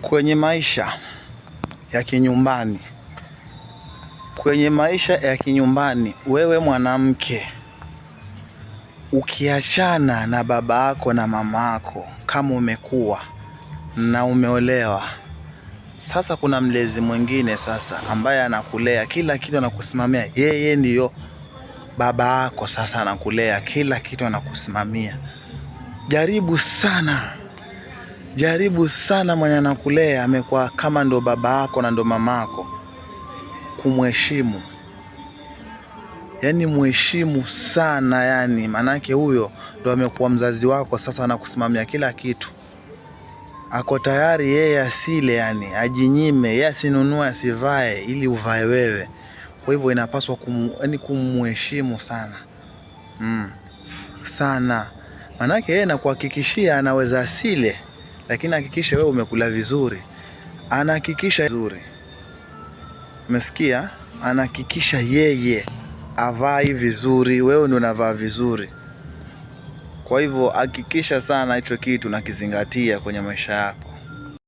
Kwenye maisha ya kinyumbani, kwenye maisha ya kinyumbani, wewe mwanamke ukiachana na baba yako na mama yako, kama umekuwa na umeolewa sasa, kuna mlezi mwingine sasa ambaye anakulea kila kitu, anakusimamia yeye, ndiyo baba yako. Sasa anakulea kila kitu, anakusimamia. Jaribu sana Jaribu sana mwenye anakulea amekuwa kama ndo baba yako na ndo mama yako, kumheshimu. Yaani mheshimu sana, yani maanake huyo ndo amekuwa mzazi wako sasa, anakusimamia kila kitu, ako tayari yeye asile, yani ajinyime, yeye asinunue, asivae ili uvae wewe. Kwa hivyo inapaswa kum, yani kumheshimu sana mm, sana maanake yeye anakuhakikishia anaweza asile lakini hakikisha wewe umekula vizuri. Anahakikisha vizuri, umesikia? Anahakikisha yeye avai vizuri, wewe ndio unavaa vizuri. Kwa hivyo hakikisha sana hicho kitu nakizingatia kwenye maisha yako.